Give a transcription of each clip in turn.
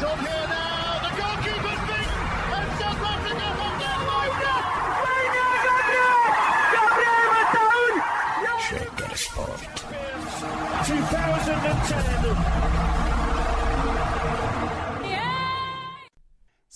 He's up here.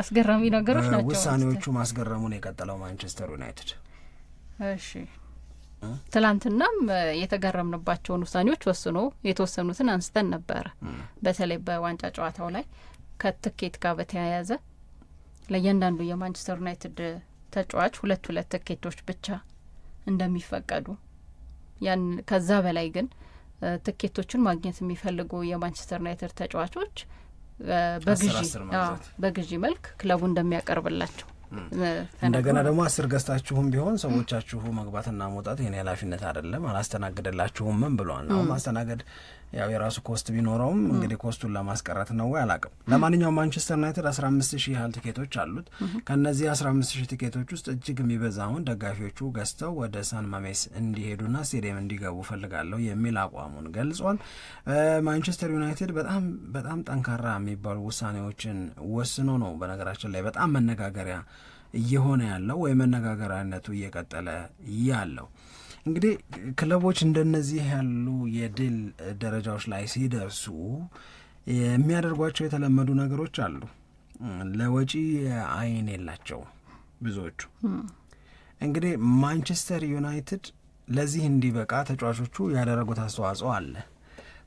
አስገራሚ ነገሮች ናቸው። ውሳኔዎቹ ማስገረሙን የቀጠለው ማንቸስተር ዩናይትድ እሺ ትላንትናም የተገረምንባቸውን ውሳኔዎች ወስኖ የተወሰኑትን አንስተን ነበረ። በተለይ በዋንጫ ጨዋታው ላይ ከትኬት ጋር በተያያዘ ለእያንዳንዱ የማንቸስተር ዩናይትድ ተጫዋች ሁለት ሁለት ትኬቶች ብቻ እንደሚፈቀዱ ያን ከዛ በላይ ግን ትኬቶችን ማግኘት የሚፈልጉ የማንቸስተር ዩናይትድ ተጫዋቾች በግዢ መልክ ክለቡ እንደሚያቀርብላቸው እንደገና ደግሞ አስር ገዝታችሁም ቢሆን ሰዎቻችሁ መግባትና መውጣት የኔ ኃላፊነት አይደለም አላስተናግደላችሁምም ብለዋል። አሁን ማስተናገድ ያው የራሱ ኮስት ቢኖረውም እንግዲህ ኮስቱን ለማስቀረት ነው ወይ አላቅም። ለማንኛውም ማንቸስተር ዩናይትድ አምስት ሺህ ያህል ቲኬቶች አሉት። ከእነዚህ 15 ሺህ ቲኬቶች ውስጥ እጅግ የሚበዛውን ደጋፊዎቹ ገዝተው ወደ ሳን ማሜስ እንዲሄዱና ስቴዲየም እንዲገቡ ፈልጋለሁ የሚል አቋሙን ገልጿል። ማንቸስተር ዩናይትድ በጣም በጣም ጠንካራ የሚባሉ ውሳኔዎችን ወስኖ ነው በነገራችን ላይ በጣም መነጋገሪያ እየሆነ ያለው ወይም መነጋገሪያነቱ እየቀጠለ ያለው እንግዲህ ክለቦች እንደነዚህ ያሉ የድል ደረጃዎች ላይ ሲደርሱ የሚያደርጓቸው የተለመዱ ነገሮች አሉ። ለወጪ አይን የላቸው ብዙዎቹ። እንግዲህ ማንቸስተር ዩናይትድ ለዚህ እንዲበቃ ተጫዋቾቹ ያደረጉት አስተዋጽኦ አለ።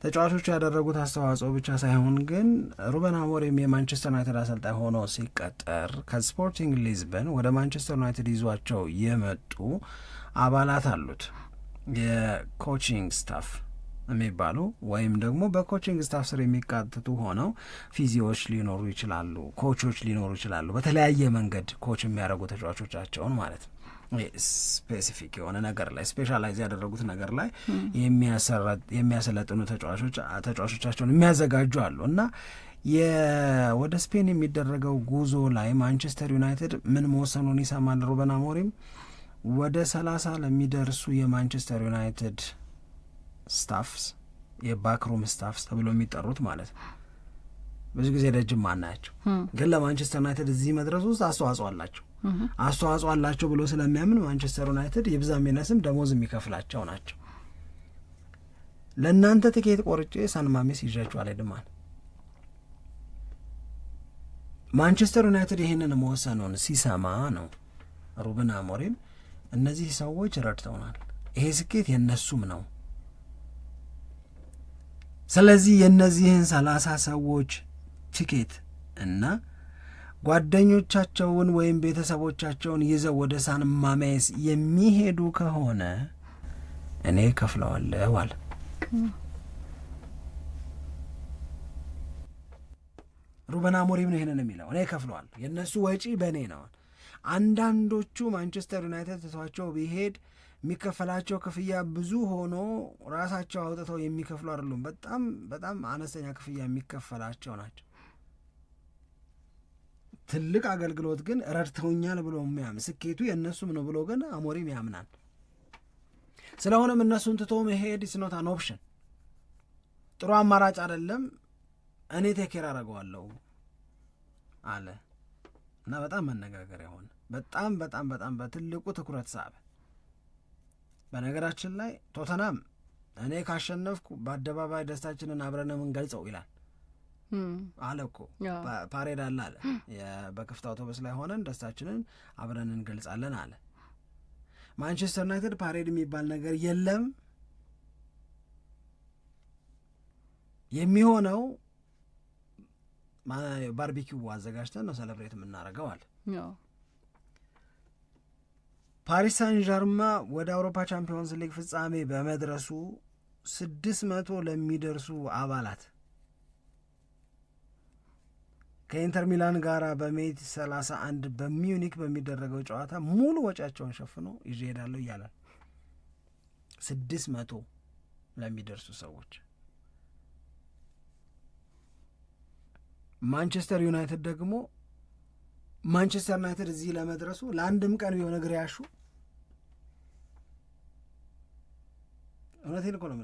ተጫዋቾቹ ያደረጉት አስተዋጽኦ ብቻ ሳይሆን ግን ሩበን አሞሪም የማንቸስተር ዩናይትድ አሰልጣኝ ሆኖ ሲቀጠር ከስፖርቲንግ ሊዝበን ወደ ማንቸስተር ዩናይትድ ይዟቸው የመጡ አባላት አሉት። የኮቺንግ ስታፍ የሚባሉ ወይም ደግሞ በኮቺንግ ስታፍ ስር የሚካተቱ ሆነው ፊዚዎች ሊኖሩ ይችላሉ፣ ኮቾች ሊኖሩ ይችላሉ። በተለያየ መንገድ ኮች የሚያደርጉ ተጫዋቾቻቸውን ማለት ነው ስፔሲፊክ የሆነ ነገር ላይ ስፔሻላይዝ ያደረጉት ነገር ላይ የሚያሰለጥኑ ተጫዋቾቻቸውን የሚያዘጋጁ አሉ እና ወደ ስፔን የሚደረገው ጉዞ ላይ ማንቸስተር ዩናይትድ ምን መወሰኑን ይሰማል ሩበን አሞሪም ወደ ሰላሳ ለሚደርሱ የማንቸስተር ዩናይትድ ስታፍስ የባክሩም ስታፍስ ተብሎ የሚጠሩት ማለት ነው። ብዙ ጊዜ ደጅም ማናያቸው ግን ለማንቸስተር ዩናይትድ እዚህ መድረሱ ውስጥ አስተዋጽኦ አላቸው። አስተዋጽኦ አላቸው ብሎ ስለሚያምን ማንቸስተር ዩናይትድ ይብዛም ይነስም ደሞዝ የሚከፍላቸው ናቸው። ለእናንተ ትኬት ቆርጬ ሳንማሜስ ይዣችኋል አልሄድም ማንቸስተር ዩናይትድ። ይህንን መወሰኑን ሲሰማ ነው ሩብን አሞሪም እነዚህ ሰዎች ረድተውናል። ይሄ ስኬት የእነሱም ነው። ስለዚህ የእነዚህን ሰላሳ ሰዎች ቲኬት እና ጓደኞቻቸውን ወይም ቤተሰቦቻቸውን ይዘው ወደ ሳን ማሜስ የሚሄዱ ከሆነ እኔ ከፍለዋለሁ አለ። ሩበን አሞሪም ነው ይሄንን የሚለው እኔ ከፍለዋለሁ፣ የእነሱ ወጪ በእኔ ነው። አንዳንዶቹ ማንቸስተር ዩናይትድ ትቷቸው ቢሄድ የሚከፈላቸው ክፍያ ብዙ ሆኖ ራሳቸው አውጥተው የሚከፍሉ አይደሉም። በጣም በጣም አነስተኛ ክፍያ የሚከፈላቸው ናቸው። ትልቅ አገልግሎት ግን ረድተውኛል ብሎ የሚያምን ስኬቱ የእነሱም ነው ብሎ ግን አሞሪም ያምናል። ስለሆነም እነሱን ትቶ መሄድ ስኖት አን ኦፕሽን ጥሩ አማራጭ አይደለም። እኔ ቴኬር አደርገዋለሁ አለ። እና በጣም መነጋገሪያ ሆነ። በጣም በጣም በጣም በትልቁ ትኩረት ሳበ። በነገራችን ላይ ቶተናም እኔ ካሸነፍኩ በአደባባይ ደስታችንን አብረን የምንገልጸው ይላል አለ እኮ ፓሬድ አለ አለ በክፍት አውቶቡስ ላይ ሆነን ደስታችንን አብረን እንገልጻለን አለ። ማንቸስተር ዩናይትድ ፓሬድ የሚባል ነገር የለም የሚሆነው ባርቢኪው አዘጋጅተን ነው ሰለብሬት የምናደርገው አለ። ፓሪስ ሳን ዣርማ ወደ አውሮፓ ቻምፒዮንስ ሊግ ፍጻሜ በመድረሱ ስድስት መቶ ለሚደርሱ አባላት ከኢንተር ሚላን ጋር በሜይ ሰላሳ አንድ በሚዩኒክ በሚደረገው ጨዋታ ሙሉ ወጪያቸውን ሸፍኖ ይዤ እሄዳለሁ እያላል ስድስት መቶ ለሚደርሱ ሰዎች ማንቸስተር ዩናይትድ ደግሞ ማንቸስተር ዩናይትድ እዚህ ለመድረሱ ለአንድም ቀን ቢሆን እግር ያሹ እውነቴን እኮ ነው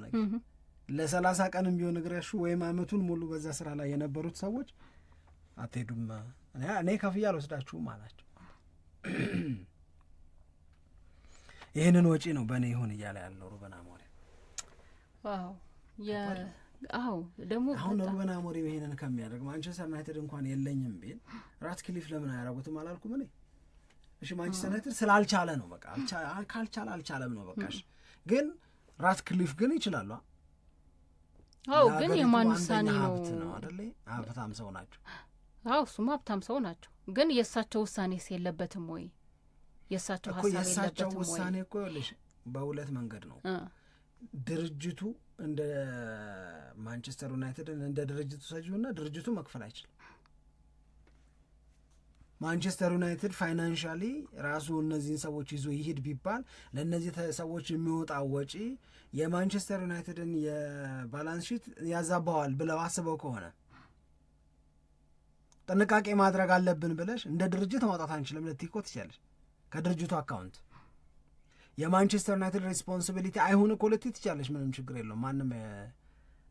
ለሰላሳ ቀንም ቢሆን እግር ያሹ ወይም አመቱን ሙሉ በዛ ስራ ላይ የነበሩት ሰዎች አትሄዱም፣ እኔ ከፍያ አልወስዳችሁም አላቸው። ይህንን ወጪ ነው በእኔ ይሁን እያለ ያለው ሩበን አሞሪም ዋው አዎ ደግሞ አሁን ሩበን አሞሪም ይሄንን ከሚያደርግ ማንቸስተር ዩናይትድ እንኳን የለኝም ቢል ራትክሊፍ ለምን አያረጉትም አላልኩም እኔ። እሺ ማንቸስተር ዩናይትድ ስላልቻለ ነው በቃ ካልቻለ አልቻለም ነው በቃሽ ግን ራትክሊፍ ግን ይችላሉ። አዎ ግን የማን ውሳኔ ነው አደለ? ሀብታም ሰው ናቸው። አዎ እሱም ሀብታም ሰው ናቸው። ግን የእሳቸው ውሳኔስ የለበትም ወይ? የእሳቸው ሀሳብ የለበትም ወይ? የእሳቸው ውሳኔ እኮ ይኸውልሽ በሁለት መንገድ ነው ድርጅቱ እንደ ማንቸስተር ዩናይትድን እንደ ድርጅቱ ሰጂውና ድርጅቱ መክፈል አይችልም። ማንቸስተር ዩናይትድ ፋይናንሻሊ ራሱ እነዚህን ሰዎች ይዞ ይሄድ ቢባል ለእነዚህ ሰዎች የሚወጣ ወጪ የማንቸስተር ዩናይትድን የባላንስ ሺት ያዛባዋል ብለው አስበው ከሆነ ጥንቃቄ ማድረግ አለብን ብለሽ እንደ ድርጅት ማውጣት አንችልም። ልትኮ ትችላለሽ ከድርጅቱ አካውንት የማንቸስተር ዩናይትድ ሬስፖንሲቢሊቲ አይሆን እኮ ልትይ ትችላለች። ምንም ችግር የለውም። ማንም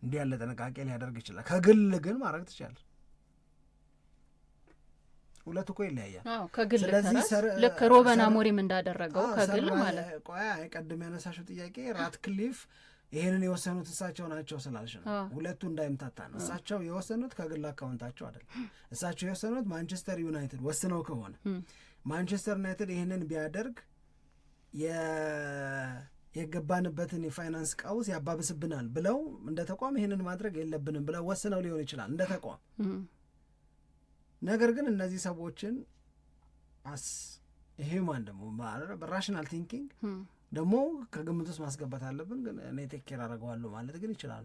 እንዲህ ያለ ጥንቃቄ ሊያደርግ ይችላል። ከግል ግን ማድረግ ትችላለች። ሁለት እኮ ይለያያል። ከግል ልክ ሮበን አሞሪም እንዳደረገው ከግል ማለት ቆይ ቀድም ያነሳሽው ጥያቄ ራትክሊፍ ይህንን የወሰኑት እሳቸው ናቸው ስላልሽ ነው። ሁለቱ እንዳይምታታ ነው። እሳቸው የወሰኑት ከግል አካውንታቸው አይደለም። እሳቸው የወሰኑት ማንቸስተር ዩናይትድ ወስነው ከሆነ ማንቸስተር ዩናይትድ ይህንን ቢያደርግ የገባንበትን የፋይናንስ ቀውስ ያባብስብናል ብለው እንደ ተቋም ይህንን ማድረግ የለብንም ብለው ወስነው ሊሆን ይችላል እንደ ተቋም። ነገር ግን እነዚህ ሰዎችን አስ ሂውማን ደግሞ ራሽናል ቲንኪንግ ደግሞ ከግምት ውስጥ ማስገባት አለብን። ግን እኔ ቴክ አደርገዋለሁ ማለት ግን ይችላሉ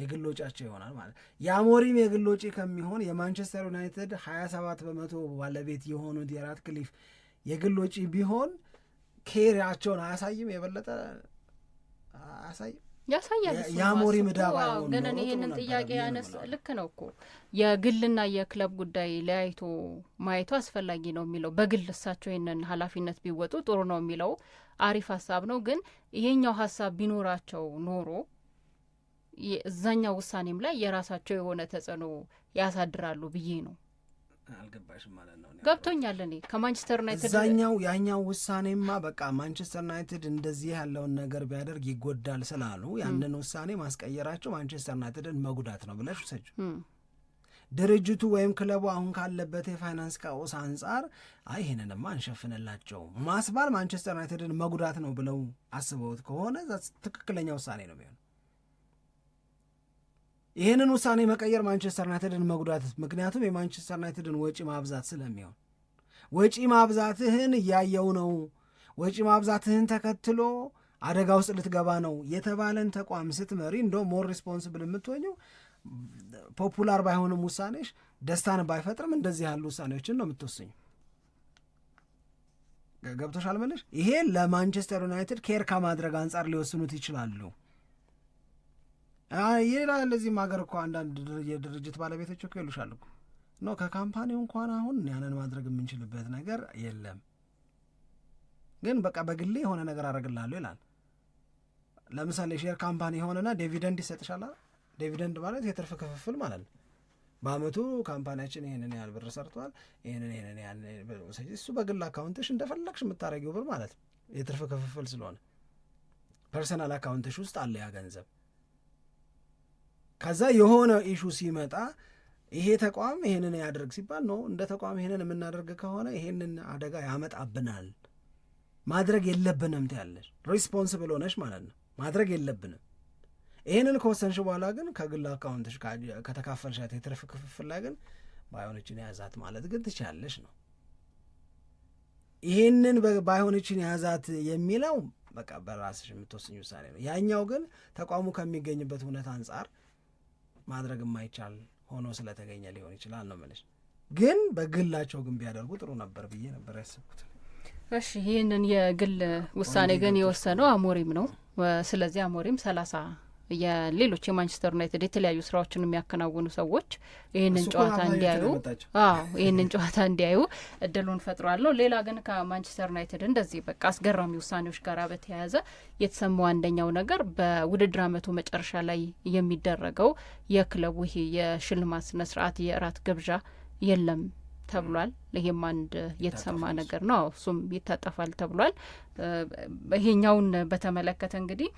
የግል ወጪያቸው ይሆናል ማለት የአሞሪም የግል ወጪ ከሚሆን የማንቸስተር ዩናይትድ ሀያ ሰባት በመቶ ባለቤት የሆኑት የራትክሊፍ የግል ወጪ ቢሆን ኬሪያቸውን አያሳይም የበለጠ አያሳይም ያሳያል የአሞሪ ምዳባ ግን እኔ ይህንን ጥያቄ ያነስ ልክ ነው እኮ የግልና የክለብ ጉዳይ ለያይቶ ማየቱ አስፈላጊ ነው የሚለው በግል እሳቸው ይህንን ኃላፊነት ቢወጡ ጥሩ ነው የሚለው አሪፍ ሀሳብ ነው። ግን ይሄኛው ሀሳብ ቢኖራቸው ኖሮ እዛኛው ውሳኔም ላይ የራሳቸው የሆነ ተጽዕኖ ያሳድራሉ ብዬ ነው አልገባሽም ማለት ነው። ገብቶኛል። እኔ ከማንቸስተር ዩናይትድ እዛኛው ያኛው ውሳኔማ በቃ ማንቸስተር ዩናይትድ እንደዚህ ያለውን ነገር ቢያደርግ ይጎዳል ስላሉ ያንን ውሳኔ ማስቀየራቸው ማንቸስተር ዩናይትድን መጉዳት ነው ብለሽ ውሰጂው። ድርጅቱ ወይም ክለቡ አሁን ካለበት የፋይናንስ ቀውስ አንጻር አይ ይህንንማ አንሸፍንላቸው ማስባል ማንቸስተር ዩናይትድን መጉዳት ነው ብለው አስበውት ከሆነ ትክክለኛ ውሳኔ ነው ቢሆን ይህንን ውሳኔ መቀየር ማንቸስተር ዩናይትድን መጉዳት፣ ምክንያቱም የማንቸስተር ዩናይትድን ወጪ ማብዛት ስለሚሆን ወጪ ማብዛትህን እያየው ነው፣ ወጪ ማብዛትህን ተከትሎ አደጋ ውስጥ ልትገባ ነው የተባለን ተቋም ስትመሪ እንደ ሞር ሪስፖንስብል የምትሆኘው ፖፑላር ባይሆንም ውሳኔሽ ደስታን ባይፈጥርም እንደዚህ ያሉ ውሳኔዎችን ነው የምትወስኙ። ገብቶሻል መለሽ? ይሄ ለማንቸስተር ዩናይትድ ኬር ከማድረግ አንጻር ሊወስኑት ይችላሉ። የሌላ ለዚህም ሀገር እኮ አንዳንድ የድርጅት ባለቤቶች እኮ ይሉሻል እኮ ኖ ከካምፓኒው እንኳን አሁን ያንን ማድረግ የምንችልበት ነገር የለም፣ ግን በቃ በግሌ የሆነ ነገር አደርግልሃለሁ ይላል። ለምሳሌ ሼር ካምፓኒ የሆነና ዲቪደንድ ይሰጥሻል። ዲቪደንድ ማለት የትርፍ ክፍፍል ማለት ነው። በአመቱ ካምፓኒያችን ይህንን ያህል ብር ሰርቷል፣ ይህንን ይህንን ያህል እሱ በግል አካውንትሽ እንደፈለግሽ የምታደረጊው ብር ማለት ነው። የትርፍ ክፍፍል ስለሆነ ፐርሰናል አካውንትሽ ውስጥ አለ ያ ገንዘብ ከዛ የሆነ ኢሹ ሲመጣ ይሄ ተቋም ይሄንን ያደርግ ሲባል ነው እንደ ተቋም ይሄንን የምናደርግ ከሆነ ይሄንን አደጋ ያመጣብናል፣ ማድረግ የለብንም ትያለሽ። ሪስፖንስብል ሆነሽ ማለት ነው ማድረግ የለብንም ይህንን ከወሰንሽ በኋላ ግን ከግል አካውንትሽ ከተካፈልሻት የትርፍ ክፍፍል ላይ ግን ባይሆነችን የያዛት ማለት ግን ትቻለሽ ነው። ይህንን ባይሆነችን የያዛት የሚለው በቃ በራስሽ የምትወስኝ ውሳኔ ነው። ያኛው ግን ተቋሙ ከሚገኝበት እውነት አንጻር ማድረግ የማይቻል ሆኖ ስለተገኘ ሊሆን ይችላል ነው የምልሽ። ግን በግላቸው ግን ቢያደርጉ ጥሩ ነበር ብዬ ነበር ያስብኩት። እሺ ይህንን የግል ውሳኔ ግን የወሰነው አሞሪም ነው። ስለዚህ አሞሪም ሰላሳ ሌሎች የማንቸስተር ዩናይትድ የተለያዩ ስራዎችን የሚያከናውኑ ሰዎች ይህንን ጨዋታ እንዲያዩ ይህንን ጨዋታ እንዲያዩ እድሉን ፈጥሯለሁ። ሌላ ግን ከማንቸስተር ዩናይትድ እንደዚህ በቃ አስገራሚ ውሳኔዎች ጋር በተያያዘ የተሰማው አንደኛው ነገር በውድድር አመቱ መጨረሻ ላይ የሚደረገው የክለቡ ይሄ የሽልማት ስነስርዓት የእራት ግብዣ የለም ተብሏል። ይሄም አንድ የተሰማ ነገር ነው። እሱም ይታጠፋል ተብሏል። ይሄኛውን በተመለከተ እንግዲህ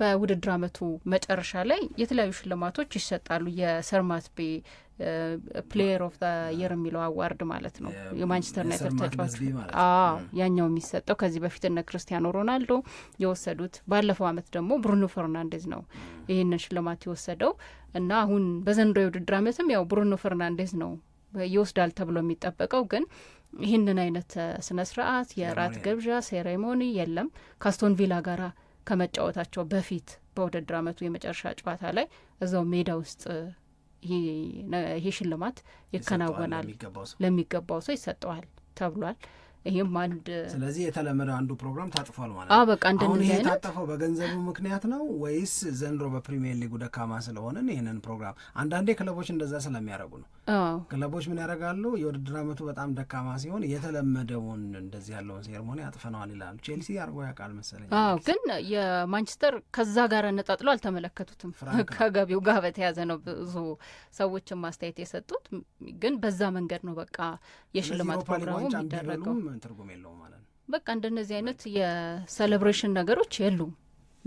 በውድድር አመቱ መጨረሻ ላይ የተለያዩ ሽልማቶች ይሰጣሉ። የሰርማት ቤ ፕሌየር ኦፍ የር የሚለው አዋርድ ማለት ነው። የማንቸስተር ዩናይትድ ተጫዋች ያኛው የሚሰጠው ከዚህ በፊት እነ ክርስቲያኖ ሮናልዶ የወሰዱት፣ ባለፈው አመት ደግሞ ብሩኖ ፈርናንዴዝ ነው ይህንን ሽልማት የወሰደው እና አሁን በዘንዶ የውድድር አመትም ያው ብሩኖ ፈርናንዴዝ ነው ይወስዳል ተብሎ የሚጠበቀው ግን ይህንን አይነት ስነ ስርአት የራት ግብዣ ሴሬሞኒ የለም። ካስቶን ቪላ ጋራ ከመጫወታቸው በፊት በውድድር አመቱ የመጨረሻ ጨዋታ ላይ እዛው ሜዳ ውስጥ ይሄ ሽልማት ይከናወናል፣ ለሚገባው ሰው ይሰጠዋል ተብሏል። ይህም አንድ ስለዚህ የተለመደ አንዱ ፕሮግራም ታጥፏል ማለት ነው። በቃ አሁን ይሄ የታጠፈው በገንዘቡ ምክንያት ነው ወይስ ዘንድሮ በፕሪሚየር ሊጉ ደካማ ስለሆንን ይህንን ፕሮግራም አንዳንዴ ክለቦች እንደዛ ስለሚያደርጉ ነው ክለቦች ምን ያደርጋሉ? የውድድር አመቱ በጣም ደካማ ሲሆን የተለመደውን እንደዚህ ያለውን ሴርሞኒ አጥፈነዋል ይላሉ። ቼልሲ አርጎ ያውቃል መሰለኝ። አዎ፣ ግን የማንቸስተር ከዛ ጋር ነጣጥሎ አልተመለከቱትም። ከገቢው ጋር በተያዘ ነው ብዙ ሰዎችን ማስተያየት የሰጡት። ግን በዛ መንገድ ነው በቃ የሽልማት ፕሮግራሙ የሚደረገው። ትርጉም የለው ማለት ነው። በቃ እንደነዚህ አይነት የሴሌብሬሽን ነገሮች የሉም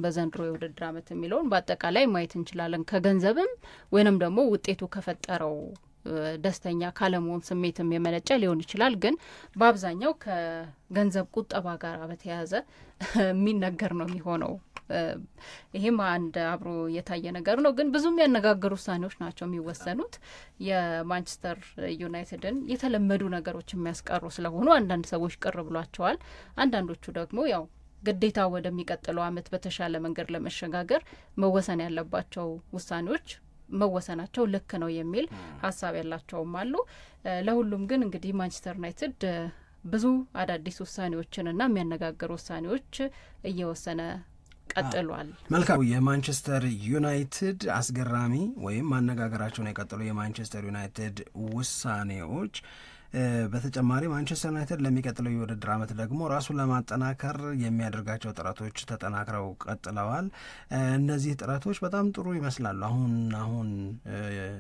በዘንድሮ የውድድር አመት የሚለውን በአጠቃላይ ማየት እንችላለን። ከገንዘብም ወይንም ደግሞ ውጤቱ ከፈጠረው ደስተኛ ካለመሆን ስሜትም የመነጨ ሊሆን ይችላል። ግን በአብዛኛው ከገንዘብ ቁጠባ ጋር በተያያዘ የሚነገር ነው የሚሆነው። ይሄም አንድ አብሮ የታየ ነገር ነው። ግን ብዙ የሚያነጋግሩ ውሳኔዎች ናቸው የሚወሰኑት። የማንቸስተር ዩናይትድን የተለመዱ ነገሮች የሚያስቀሩ ስለሆኑ አንዳንድ ሰዎች ቅር ብሏቸዋል። አንዳንዶቹ ደግሞ ያው ግዴታ ወደሚቀጥለው አመት በተሻለ መንገድ ለመሸጋገር መወሰን ያለባቸው ውሳኔዎች መወሰናቸው ልክ ነው የሚል ሀሳብ ያላቸውም አሉ። ለሁሉም ግን እንግዲህ ማንቸስተር ዩናይትድ ብዙ አዳዲስ ውሳኔዎችንና የሚያነጋግር ውሳኔዎች እየወሰነ ቀጥሏል። መልካም የማንቸስተር ዩናይትድ አስገራሚ ወይም ማነጋገራቸውን የቀጠሉ የማንቸስተር ዩናይትድ ውሳኔዎች በተጨማሪ ማንቸስተር ዩናይትድ ለሚቀጥለው የውድድር ዓመት ደግሞ ራሱን ለማጠናከር የሚያደርጋቸው ጥረቶች ተጠናክረው ቀጥለዋል። እነዚህ ጥረቶች በጣም ጥሩ ይመስላሉ። አሁን አሁን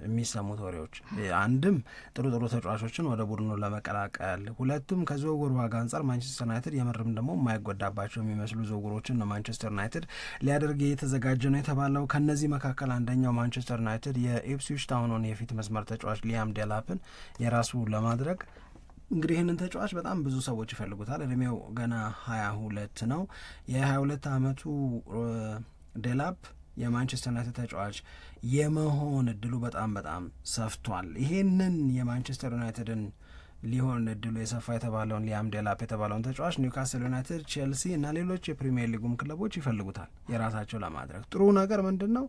የሚሰሙት ወሬዎች አንድም ጥሩ ጥሩ ተጫዋቾችን ወደ ቡድኑ ለመቀላቀል፣ ሁለቱም ከዝውውር ዋጋ አንጻር ማንቸስተር ዩናይትድ የምርም ደግሞ የማይጎዳባቸው የሚመስሉ ዝውውሮችን ነው ማንቸስተር ዩናይትድ ሊያደርግ የተዘጋጀ ነው የተባለው። ከነዚህ መካከል አንደኛው ማንቸስተር ዩናይትድ የኢፕስዊች ታውንን የፊት መስመር ተጫዋች ሊያም ዴላፕን የራሱ ለማድረግ ይጠበቅ። እንግዲህ ይህንን ተጫዋች በጣም ብዙ ሰዎች ይፈልጉታል። እድሜው ገና ሀያ ሁለት ነው። የሀያ ሁለት አመቱ ደላፕ የማንቸስተር ዩናይትድ ተጫዋች የመሆን እድሉ በጣም በጣም ሰፍቷል። ይሄንን የማንቸስተር ዩናይትድን ሊሆን እድሉ የሰፋ የተባለውን ሊያም የተባለውን ተጫዋች ኒውካስል ዩናይትድ፣ ቼልሲ እና ሌሎች የፕሪሚየር ሊጉም ክለቦች ይፈልጉታል የራሳቸው ለማድረግ። ጥሩ ነገር ምንድን ነው?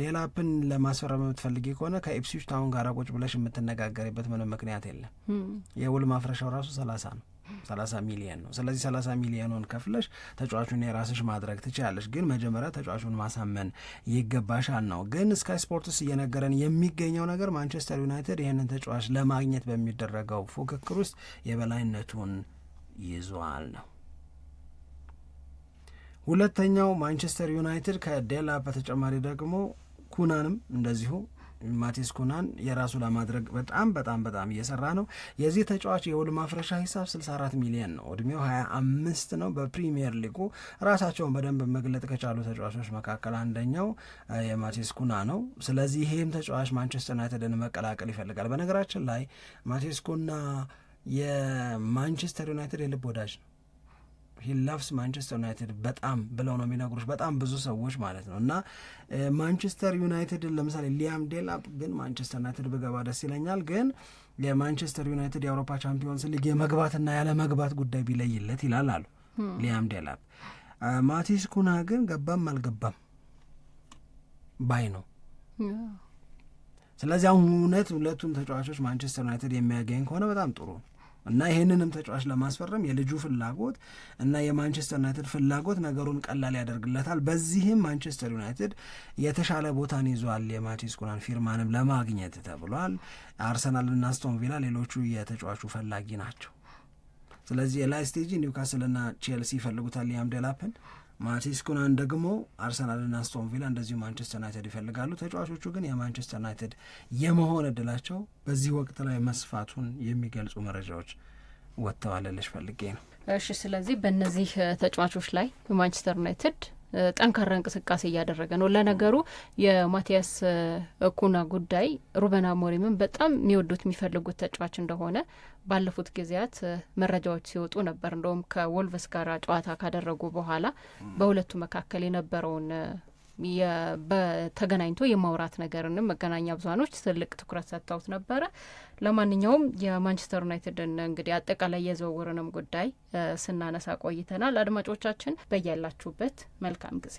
ዴላፕን ለማስፈረም የምትፈልጊ ከሆነ ከኢፕስዊች ታውን ጋር ቁጭ ብለሽ የምትነጋገሪበት ምንም ምክንያት የለም። የውል ማፍረሻው ራሱ ሰላሳ ነው። ሰላሳ ሚሊየን ነው። ስለዚህ ሰላሳ ሚሊየኑን ከፍለሽ ተጫዋቹን የራስሽ ማድረግ ትችላለሽ፣ ግን መጀመሪያ ተጫዋቹን ማሳመን ይገባሻል ነው። ግን ስካይ ስፖርትስ እየነገረን የሚገኘው ነገር ማንቸስተር ዩናይትድ ይህንን ተጫዋች ለማግኘት በሚደረገው ፉክክር ውስጥ የበላይነቱን ይዟል ነው። ሁለተኛው ማንቸስተር ዩናይትድ ከዴላ በተጨማሪ ደግሞ ኩናንም እንደዚሁ ማቴስ ኩናን የራሱ ለማድረግ በጣም በጣም በጣም እየሰራ ነው። የዚህ ተጫዋች የውል ማፍረሻ ሂሳብ 64 ሚሊዮን ነው። እድሜው 25 ነው። በፕሪሚየር ሊጉ ራሳቸውን በደንብ መግለጥ ከቻሉ ተጫዋቾች መካከል አንደኛው የማቴስ ኩና ነው። ስለዚህ ይህም ተጫዋች ማንቸስተር ዩናይትድን መቀላቀል ይፈልጋል። በነገራችን ላይ ማቴስ ኩና የማንቸስተር ዩናይትድ የልብ ወዳጅ ነው። ሂ ላቭስ ማንቸስተር ዩናይትድ በጣም ብለው ነው የሚነግሩች በጣም ብዙ ሰዎች ማለት ነው። እና ማንቸስተር ዩናይትድ ለምሳሌ ሊያም ዴላፕ ግን ማንቸስተር ዩናይትድ ብገባ ደስ ይለኛል፣ ግን የማንቸስተር ዩናይትድ የአውሮፓ ቻምፒዮንስ ሊግ የመግባትና ያለ መግባት ጉዳይ ቢለይለት ይላል አሉ ሊያም ዴላፕ። ማቲስ ኩና ግን ገባም አልገባም ባይ ነው። ስለዚህ አሁን እውነት ሁለቱን ተጫዋቾች ማንቸስተር ዩናይትድ የሚያገኝ ከሆነ በጣም ጥሩ ነው። እና ይህንንም ተጫዋች ለማስፈረም የልጁ ፍላጎት እና የማንቸስተር ዩናይትድ ፍላጎት ነገሩን ቀላል ያደርግለታል። በዚህም ማንቸስተር ዩናይትድ የተሻለ ቦታን ይዟል። የማቲስ ኩናን ፊርማንም ለማግኘት ተብሏል። አርሰናል እና አስቶን ቪላ ሌሎቹ የተጫዋቹ ፈላጊ ናቸው። ስለዚህ የላይ ስቴጂ ኒውካስልና ቼልሲ ይፈልጉታል። ያም ደላፕን ማቲስኩናን ደግሞ አርሰናልና አስቶን ቪላ እንደዚሁ ማንቸስተር ዩናይትድ ይፈልጋሉ። ተጫዋቾቹ ግን የማንቸስተር ዩናይትድ የመሆን እድላቸው በዚህ ወቅት ላይ መስፋቱን የሚገልጹ መረጃዎች ወጥተዋል። ልሽ ፈልጌ ነው። እሺ፣ ስለዚህ በእነዚህ ተጫዋቾች ላይ የማንቸስተር ዩናይትድ ጠንካራ እንቅስቃሴ እያደረገ ነው። ለነገሩ የማቲያስ ኩና ጉዳይ ሩበን አሞሪምን በጣም የሚወዱት የሚፈልጉት ተጫዋች እንደሆነ ባለፉት ጊዜያት መረጃዎች ሲወጡ ነበር። እንደውም ከወልቭስ ጋር ጨዋታ ካደረጉ በኋላ በሁለቱ መካከል የነበረውን በተገናኝቶ የማውራት ነገርንም መገናኛ ብዙሀኖች ትልቅ ትኩረት ሰጥተውት ነበረ። ለማንኛውም የማንቸስተር ዩናይትድን እንግዲህ አጠቃላይ የዝውውርንም ጉዳይ ስናነሳ ቆይተናል። አድማጮቻችን በያላችሁበት መልካም ጊዜ